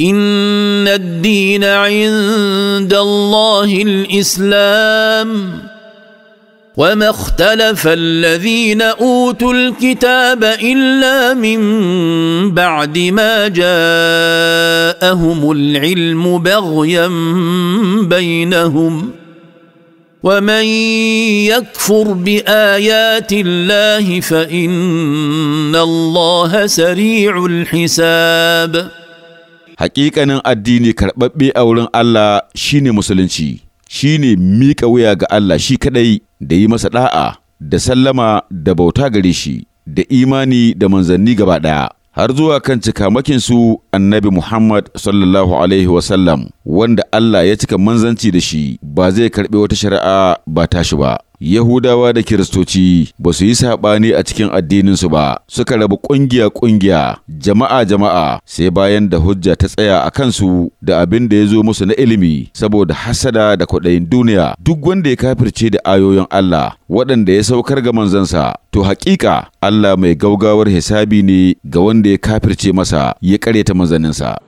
ان الدين عند الله الاسلام وما اختلف الذين اوتوا الكتاب الا من بعد ما جاءهم العلم بغيا بينهم ومن يكفر بايات الله فان الله سريع الحساب Hakikanin addini karɓaɓɓe a wurin Allah shine musulunci, shine miƙa wuya ga Allah shi kaɗai da yi masa ɗa'a, da sallama da bauta gare shi, da imani da manzanni gaba ɗaya. har zuwa kan su annabi Muhammad sallallahu Alaihi wasallam wanda Allah ya cika manzanci da shi ba zai karɓi wata shari'a ba tashi ba. Yahudawa da Kiristoci ba su yi saɓani a cikin addininsu ba, suka rabu ƙungiya-ƙungiya, jama'a-jama'a, sai bayan da hujja ta tsaya a kansu da abin da ya zo musu na ilimi, saboda hasada da kwaɗayin duniya. Duk wanda ya kafirce da ayoyin Allah, waɗanda ya saukar ga manzansa, to haƙiƙa Allah mai gaugawar hisabi ne ga wanda ya kafirce masa ya ƙaryata manzaninsa.